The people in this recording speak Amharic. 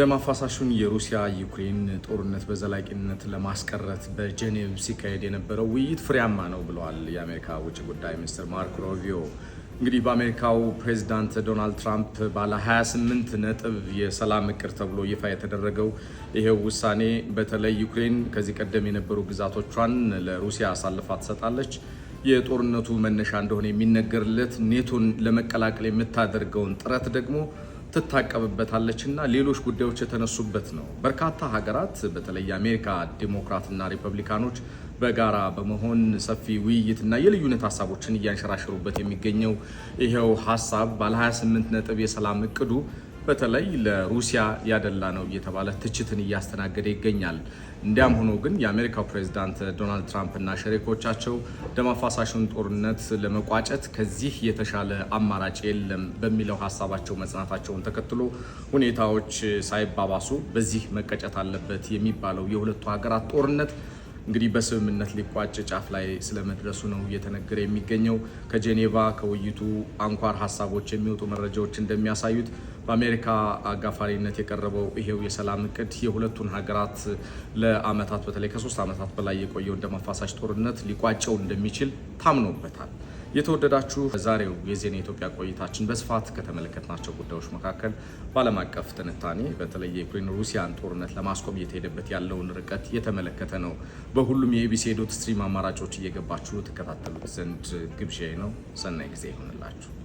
ደም አፋሳሹን የሩሲያ ዩክሬን ጦርነት በዘላቂነት ለማስቀረት በጄኔቭ ሲካሄድ የነበረው ውይይት ፍሬያማ ነው ብለዋል የአሜሪካ ውጭ ጉዳይ ሚኒስትር ማርክ ሮቪዮ። እንግዲህ በአሜሪካው ፕሬዚዳንት ዶናልድ ትራምፕ ባለ 28 ነጥብ የሰላም እቅድ ተብሎ ይፋ የተደረገው ይሄው ውሳኔ በተለይ ዩክሬን ከዚህ ቀደም የነበሩ ግዛቶቿን ለሩሲያ አሳልፋ ትሰጣለች የጦርነቱ መነሻ እንደሆነ የሚነገርለት ኔቶን ለመቀላቀል የምታደርገውን ጥረት ደግሞ ትታቀብበታለችና ሌሎች ጉዳዮች የተነሱበት ነው። በርካታ ሀገራት በተለይ የአሜሪካ ዲሞክራትና ሪፐብሊካኖች በጋራ በመሆን ሰፊ ውይይትና የልዩነት ሀሳቦችን እያንሸራሸሩበት የሚገኘው ይኸው ሀሳብ ባለ 28 ነጥብ የሰላም እቅዱ በተለይ ለሩሲያ ያደላ ነው እየተባለ ትችትን እያስተናገደ ይገኛል። እንዲያም ሆኖ ግን የአሜሪካው ፕሬዚዳንት ዶናልድ ትራምፕ እና ሸሪኮቻቸው ደም አፋሳሹን ጦርነት ለመቋጨት ከዚህ የተሻለ አማራጭ የለም በሚለው ሀሳባቸው መጽናታቸውን ተከትሎ ሁኔታዎች ሳይባባሱ በዚህ መቀጨት አለበት የሚባለው የሁለቱ ሀገራት ጦርነት እንግዲህ በስምምነት ሊቋጭ ጫፍ ላይ ስለመድረሱ ነው እየተነገረ የሚገኘው። ከጄኔቫ ከውይይቱ አንኳር ሀሳቦች የሚወጡ መረጃዎች እንደሚያሳዩት በአሜሪካ አጋፋሪነት የቀረበው ይሄው የሰላም እቅድ የሁለቱን ሀገራት ለአመታት በተለይ ከሶስት ዓመታት በላይ የቆየው እንደ መፋሳሽ ጦርነት ሊቋጨው እንደሚችል ታምኖበታል። የተወደዳችሁ ዛሬው የዜና ኢትዮጵያ ቆይታችን በስፋት ከተመለከትናቸው ጉዳዮች መካከል በዓለም አቀፍ ትንታኔ በተለይ የዩክሬን ሩሲያን ጦርነት ለማስቆም እየተሄደበት ያለውን ርቀት የተመለከተ ነው። በሁሉም የኢቢሲ ዶት ስትሪም አማራጮች እየገባችሁ ተከታተሉት ዘንድ ግብዣ ነው። ሰናይ ጊዜ ይሆንላችሁ።